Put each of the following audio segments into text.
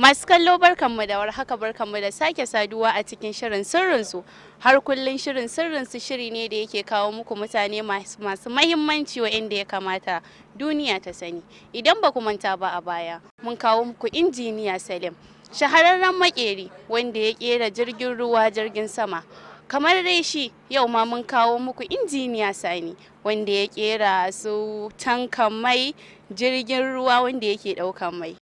Masu kallo barkanmu da warhaka barkanmu da sake saduwa a cikin shirin sirrinsu. Har kullun shirin sirrinsu shiri ne da yake kawo muku mutane masu mahimmanci inda ya kamata duniya ta sani. Idan ba ku manta ba a baya, mun kawo muku injiniya Salim, shahararren makeri wanda ya kera jirgin ruwa jirgin sama. kamar dai shi yau ma mun kawo muku injiniya sani wanda ya kera su tankan mai jirgin ruwa wanda yake daukan mai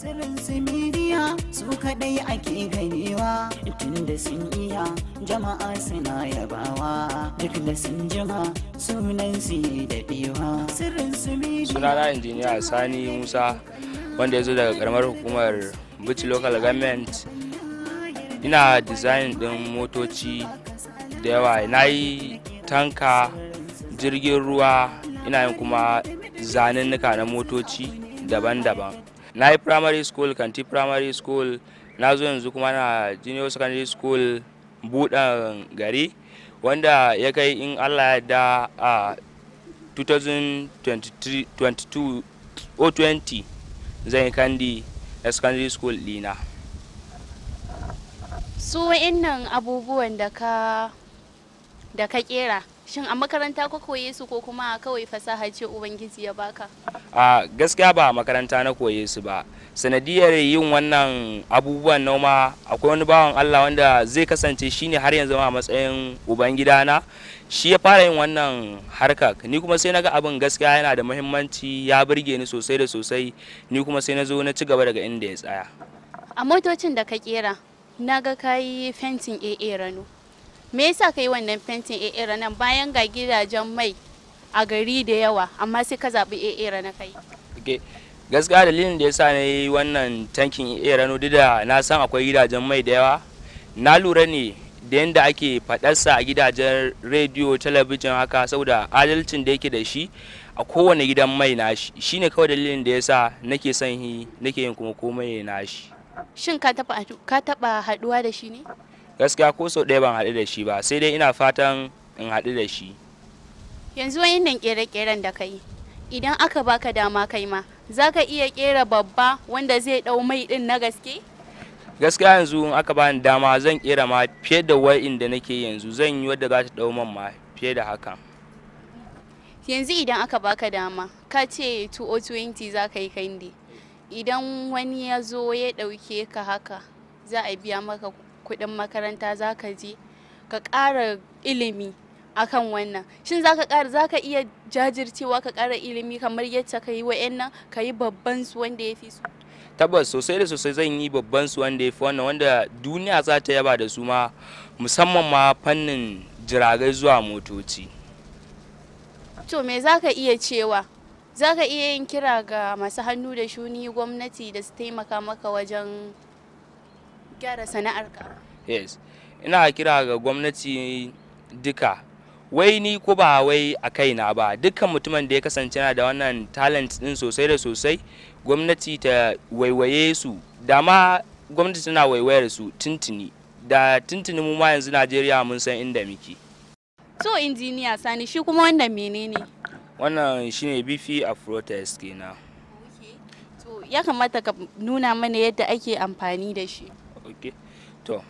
sirrin simiriya su kadai ake ganewa tun da sun iya jama'a suna yabawa duk da sun jima sunan su yi daɗewa sirrin suna na injiniya sani musa wanda ya zo daga karamar hukumar buci local government ina design din motoci da yawa na yi tanka jirgin ruwa ina yin kuma zanennuka na motoci daban-daban na yi primary school kanti primary school na zo yanzu kuma na junior secondary school buɗan gari wanda ya kai in allah ya da a 2022 020 zan kandi secondary school dina su wa'innan abubuwan da ka da ka kera shin a makaranta ka koye su ko kuma kawai fasaha ce ubangiji ya baka a gaskiya ba a makaranta na koye su ba sanadiyar yin wannan abubuwan noma akwai wani bawan Allah wanda zai kasance shine har yanzu a matsayin ubangida na shi ya fara yin wannan harka ni kuma sai naga abin gaskiya yana da muhimmanci ya burge ni sosai da sosai ni kuma sai na zo na ci gaba daga inda ya tsaya a motocin da ka kera na ga kayi fentin AA Rano me yasa ka yi wannan fentin AA nan bayan ga gidajen mai a gari da yawa amma sai ka zaɓi AA na kai gaskiya dalilin da yasa na yi wannan tankin AA rano duk da na san akwai gidajen mai da yawa na lura ne da yadda ake faɗarsa a gidajen rediyo talabijin haka saboda adalcin da yake da shi a kowane gidan mai na shi ne kawai dalilin da yasa nake son nake yin kuma komai na shi shin ka taɓa haɗuwa da shi ne gaskiya ko sau ɗaya ban haɗu da shi ba sai dai ina fatan in haɗu da shi yanzu wayannan ƙere-ƙeren da kai idan aka baka dama kai ma za ka iya ƙera babba wanda zai ɗau mai ɗin na gaske gaskiya yanzu in aka bani dama zan ƙera ma fiye da wa'in da nake yanzu zan yi wadda za ta ɗau man ma fiye da haka. yanzu idan aka baka dama ka ce 2020 za ka yi ne, idan wani ya zo ya ɗauke ka haka za a biya maka kuɗin makaranta za ka je ka ƙara ilimi akan wannan shin za ƙara iya jajircewa ka ƙara ilimi kamar yadda ka yi wa'yan nan ka yi babban su wanda ya fi su tabbas sosai da sosai zan yi babban su wanda ya fi wannan wanda duniya za ta yaba da su ma musamman ma fannin jiragai zuwa motoci to me ka iya cewa zaka iya yin kira ga masu hannu da shuni gwamnati da su taimaka maka wajen gyara sana'arka yes ina kira ga gwamnati duka wai ni ko ba wai a kaina ba dukkan mutumin da ya kasance na da wannan talent din sosai da sosai gwamnati ta waiwaye su da ma gwamnati tana waiwayar su tuntuni da tintini mu ma yanzu najeriya mun san inda muke so injiniya sani shi kuma wannan menene wannan shine bifi a protest kenan ya kamata ka nuna mana yadda ake amfani da shi ok to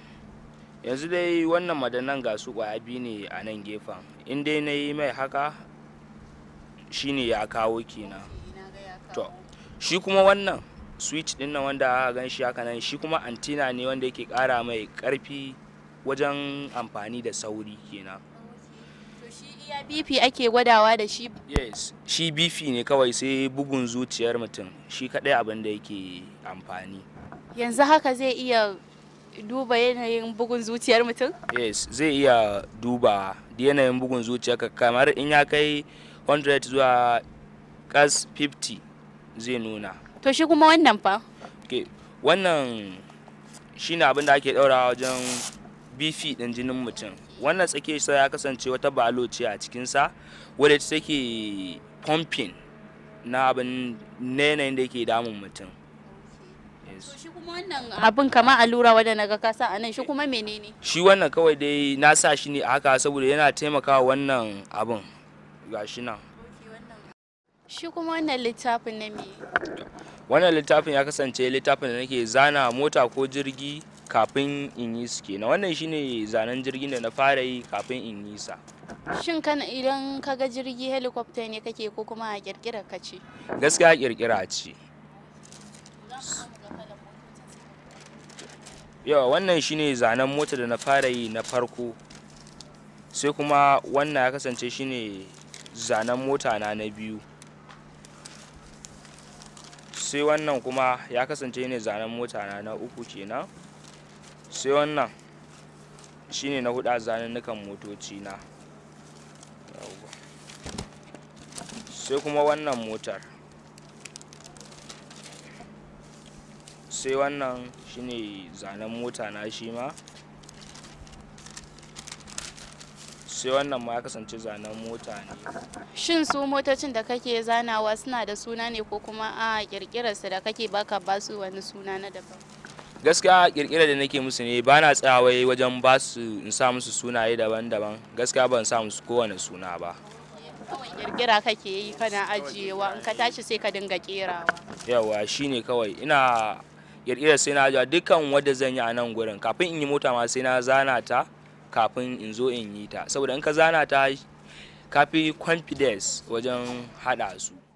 yanzu dai wannan madanan ga su kwaya biyu ne a nan gefen inda dai na yi mai haka shi ne ya kawo kenan to shi kuma wannan switch din nan wanda aka gan shi haka nan shi kuma antina ne wanda yake kara mai karfi wajen amfani da sauri kenan shi iya BP ake gwadawa da shi? Yes, shi BP ne kawai sai bugun zuciyar mutum shi kaɗai abin da yake amfani. Yanzu haka zai iya duba yanayin bugun zuciyar mutum? Yes, zai iya duba yanayin bugun zuciyar kamar in ya kai 100 zuwa kas 50 zai nuna. To shi kuma wannan fa? Okay, wannan shi ne abin da ake ɗaurawa wajen bifi ɗin jinin mutum wannan tsake sa ya kasance wata baloci a cikinsa wadda take pumping na abin na yanayin da yake damun mutum shi kuma wannan abin kama allura wadda na ga kasa a nan shi kuma menene shi wannan kawai dai na sa shi ne a haka saboda yana taimakawa wannan abin ga shi nan shi kuma wannan littafin na me wannan littafin ya kasance littafin da nake zana mota ko jirgi kafin in yi su kenan wannan shine zanen jirgin da na fara yi kafin in yi sa shin kana idan kaga jirgi helicopter ne kake ko kuma a kirkira ka ce gaskiya kirkira ce yawa wannan shine zanen mota da na fara yi na farko sai kuma wannan ya kasance shine zanen mota na na biyu sai wannan kuma ya kasance ne zanen mota na na uku kenan sai wannan shine na hudu a zanennukan motoci na sai kuma wannan motar sai wannan shine zanen mota na shi ma sai wannan ma ya kasance zanen mota ne shin su motocin da kake zanawa suna da suna ne ko kuma a kirkirarsu da kake baka basu wani suna na daban gaskiya kirkira da nake musu ne ba na tsawai wajen ba su in sa musu sunaye daban-daban gaskiya ban sa musu kowane suna ba kawai kirkira kake yi kana ajiyewa in ka tashi sai ka dinga kerawa yawa shine kawai ina kirkira sai na ajiyewa dukkan wanda zan yi a nan gurin kafin in yi mota ma sai na zana ta kafin in zo in yi ta saboda in ka zana ta kafi confidence wajen hada su